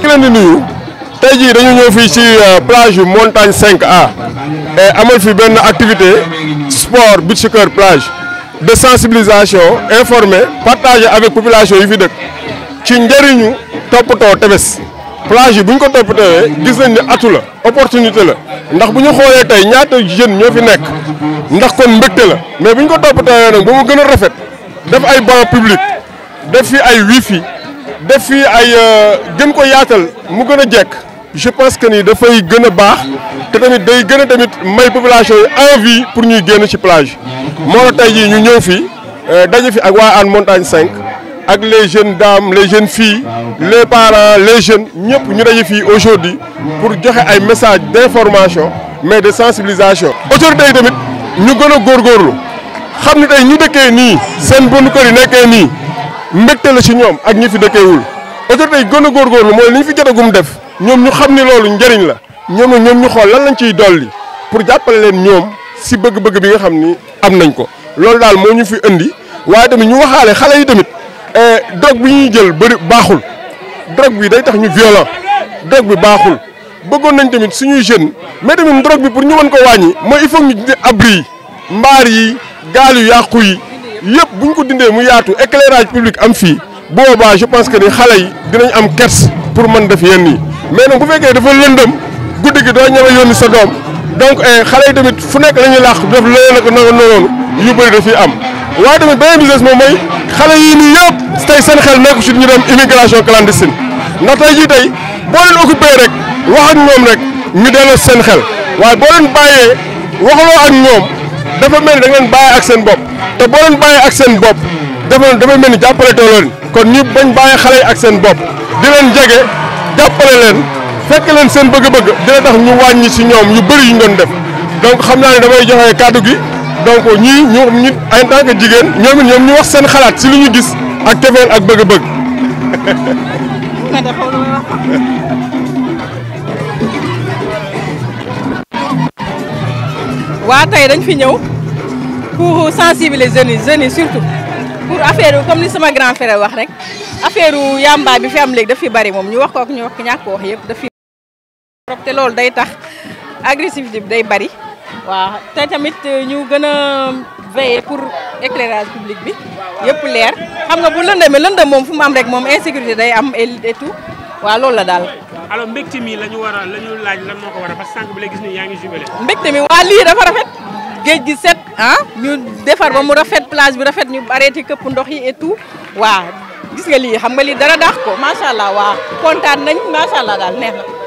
ki nuyu tey jii dañu ñëw fii ci euh, plage yu montagne cinq a et amal fi benn activité sport beach cœur plage de sensibilisation informer partage avec population yi fi dëkk ci njëriñu toppatoo tebes plage buñ ko toppatewee gis nañ ne atu la opportunité la ndax buñu xolé tay ñaata jeune ñofi nek ndax kon mbégte la mais buñ ko toppatewee nak bu mu gëna rafet def ay banc public def fi ay wifi def fi ay euh, gën ko yaatal mu gëna a jekk je pense que ni dafay gën a baax te tamit day gëna tamit may population yi envie pour ñuy gën ci plage moo la tey ñu ñëw fi euh, dajé fi ak waa Hann Montagne 5 ak les jeunes dames les jeunes filles les parents les jeunes ñëpp ñu daje fii aujourd'hui pour joxe ay message d'information mais de sensibilisation. autorités yi tamit ñu gën a góorgóorlu xam ne tey ñu dëkkee nii seen bon kër nekkee nii mbégte la ci ñoom ak ñi fi dëkkeewul autorités yi gën a góorgóorlu mooy li ñu fi jotagum def ñoom ñu xam ne loolu njëriñ la ñoom ñoom ñu xool lan lañ ciy dolli pour jàppale leen ñoom si bëgg-bëgg bi nga xam ni am nañ ko loolu daal moo ñu fi indi waa tamit ñu waxaale xale yi tamit eh, drogue bi ñuy jël bëri baaxul. drogue bi day tax ñu violent drogue bi baaxul bëggoon nañ tamit suñuy jeunes mais tamit drogue bi pour ñu mën ko wàññi mooy il faut ñu dindi abri yi mbaar yi gaal yu yàqu yi yëpp bu ñu ko dindee mu yaatu éclairage public am fii boobaa je pense que ni xale yi dinañ am kers pour mën def yenn yi mais nag bu fekkee dafa lëndëm guddi gi doo ñeme yoon sa doom donc eh, xale yi tamit fu nekk la ñuy làq def loolu nag noonu yu bëri daf am waaye tamit beneen business moom mooy xale yii nii yëpp tey seen xel nekku ci ñu dem immigration clandestine ndax tey jii tey boo leen occupé rek wax ak ñoom rek ñu delloo seen xel waaye boo leen bàyyee waxaloo ak ñoom dafa mel ni da ngeen bàyyi ak seen bopp te boo leen bàyyee ak seen bopp dafa dafa mel ni jàppale tooloo leen kon ñu bañ bàyyi xale yi ak seen bopp di leen jege jàppale leen fekk leen seen bëgg-bëgg dina tax ñu wàññi ci ñoom yu bëri yu ñu doon def donc xam naa ne damay joxe kàddu gi. donc nous, ñu nous, en tant que nous, nous nous, nous, ñu wax seen xalaat ci lu ñu gis ak tevel ak bëgg-bëgg. wa tay dañ fi pour sensibiliser jeunes jeunes surtout pour affaire comme ni sama grand frère wax rek affaire yamba bi fi am da fi bari mom ñu wax ko ak ñu wax ko wax en fi. té lool day tax agressivité day bari waaw te tamit euh, ñu gën a veiller pour éclairage public bi yëpp leer xam nga bu lëndëmee lëndëm moom fu mu am rek moom insécurité day am et tout waaw loolu la daal. alors mbégte mi la ñu war a la ñu laaj lan moo ko parce que sànq bi la gis ni yaa ngi jubilé. mbégte mi waa lii dafa rafet géej gi set ah ñu defar ba mu rafet plage bi rafet ñu arrêté këpp ndox yi et tout waaw gis nga lii xam nga lii dara daax ko macha allah waaw kontaan nañ macha allah daal neex na.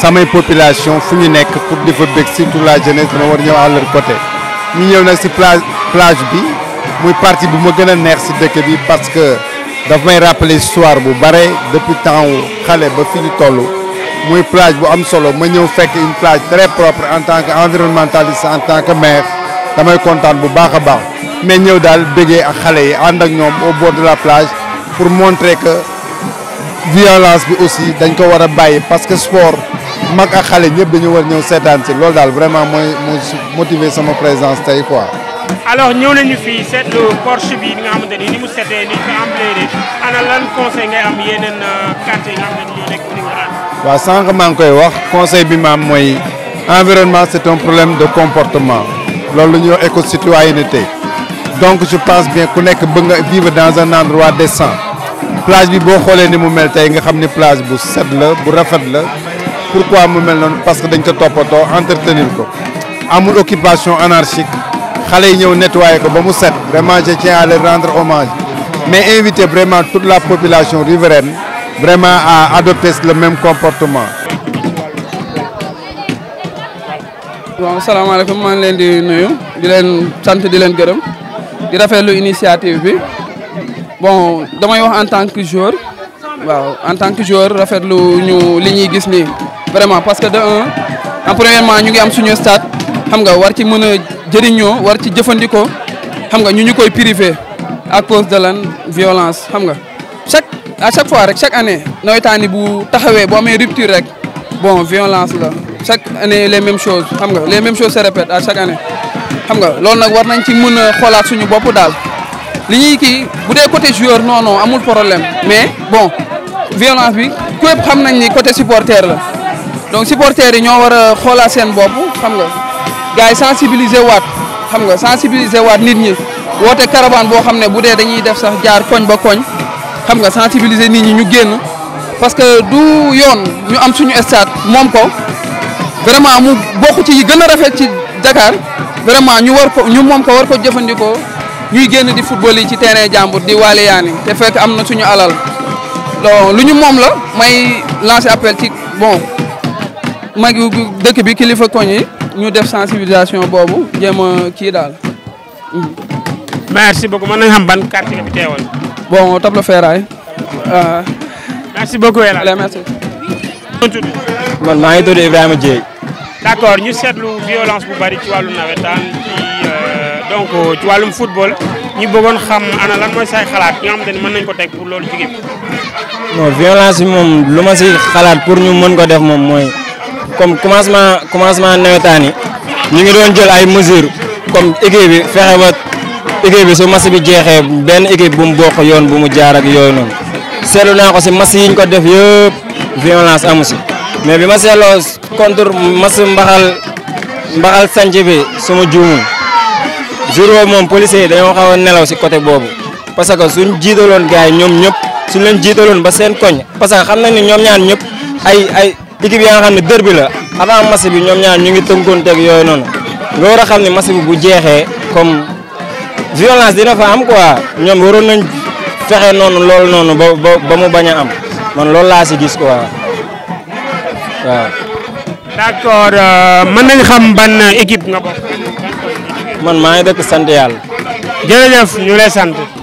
samay population fuñu pour la jeunesse à leur côté plage plage bi partie pour neex parce que daf may rappeler l'histoire. bu depuis temps xalé ba fi plage bu am solo une plage très propre en tant que en tant que maire damay suis bu de mais ñëw au bord de la plage pour montrer que violence bi aussi dañ ko wara a parce que sport mag ak xale ñëpp dañu wara ñew seetaan ci lool dal vraiment moy motivé sama présence tay quoi. alors ñew nañu fii seetlu porche bi nga am dañ ni mu sété ni ko ampleur ana lan conseil ngay am yeneen carte euh, yi nga xamante ni ñoo nekk au wa sank sànq maa koy wax conseil bi ma am mooy environnement c'est un problème de comportement loolu lu ñuy éco-citoyenneté donc je pense bien ku nek bëgg vivre dans un endroit décent plage bi boo xoolee ni mu mel tey nga xam ni plage bu set la bu rafet la pourquoi mu mel noonu parce que dañu ko toppatoo entretenir ko amul occupation anarchique xale yi ñëw nettoyer ko ba mu set vraiment je tiens à leur rendre hommage mais invité vraiment toute la population riveraine vraiment à adopter la même comportement. waaw salaamaaleykum maa ngi leen di nuyu di leen sant di leen gërëm di rafetlu initiative bi. bon damay wax en tant que joueur waaw en tant que joueur rafetlu ñu li ñuy gis ni vraiment parce que de un en premièrement ñu ngi am suñu stade xam nga war ci mën a jëriñoo war ci jëfandikoo xam nga ñu ñu koy privé à cause de lane violence xam nga chaque à fois rek chaque année nawetaani bu taxawee bu amee rupture rek bon violence la chaque année les même choses xam nga les mêmes choses se répètent à chaque nga loolu nag war nañ ci mun a xoolaat suñu bopp daal. li ñuy kii bu dee côté joueur non amul problème mais bon violence bi képp xam nañ ni côté supporter la donc supporter yi ñoo war a xoolaat seen bopp xam nga gars yi sensibiliser waat xam nga sensibiliser waat nit ñi woote caravane boo xam ne bu dee dañuy def sax jaar koñ ba koñ xam nga sensibiliser nit ñi ñu génn parce que du yoon ñu am suñu stade moom ko vraiment mu bokk ci yi gën a rafet ci Dakar vraiment ñu war ko ñu moom ko war ko jëfandikoo. ñuy génn di football ci terrain jàmbur di waaliyaani te fekk am na suñu alal donc lu ñu moom la may lance appel ci bon mag dëkk bi kilifa koñ ñu def sensibilisation boobu jéem kii daal. Mm-hmm. merci beaucoup mën nañu xam ban quartier nga fi teewal. bon Tableau Ferraille. Euh, merci beaucoup El Hadj. merci. man maa ngi tudd Ibrahima Dieye. d' accord ñu seetlu violence bu bari ci wàllu nawetaan donc euh, ci walum football ñu bëggoon xam ana lan moy say xalaat ñu xam te ne mën nañ ko tek pour lolu jigeen non violence mom moom lu ma si xalaat pour ñu mën ko def mom moy comme commencement commencement nawetaan yi ñu ngi doon jël ay mesure comme équipe bi fexé ba équipe bi su match bi jéxé ben équipe bu mu bokk yoon bu mu jaar ak yoy non sélu na ko ci match yi ñu ko def yépp violence amu ci mais bi ma seetloo contre match mbaxal mbaxal sanc bi suma juumul jour wo mom police dañu dañoo nelaw ci côté bobu parce que suñu jiitaloon gaay ñom ñep suñu leen jiitaloon ba seen koñ parce que xamna ni ñom ñaan ñep ay ay équipe ya nga xamni derby la avant match bi ñom ñaan ñu ngi teunkonté ak yoy non lo a xamni match bi bu jéxé comme violence dina fa am quoi ñom waroon nañ fexé non lool non ba ba mu baña am man lool la ci gis quoi waaw. d'accord euh, man nañ xam ban équipe nga bokk. man maa ngi dëkk sant yàlla. jërëjëf ñu lay sant.